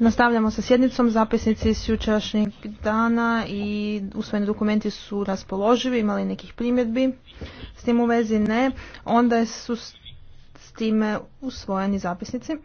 Nastavljamo sa sjednicom. Zapisnici s jučerašnjeg dana i usvojeni dokumenti su raspoloživi. Imali nekih primjedbi? S tim u vezi ne. Onda su s time usvojeni zapisnici.